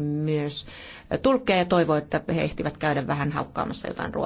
myös tulkkeja ja toivoo, että he ehtivät käydä vähän haukkaamassa jotain ruokaa.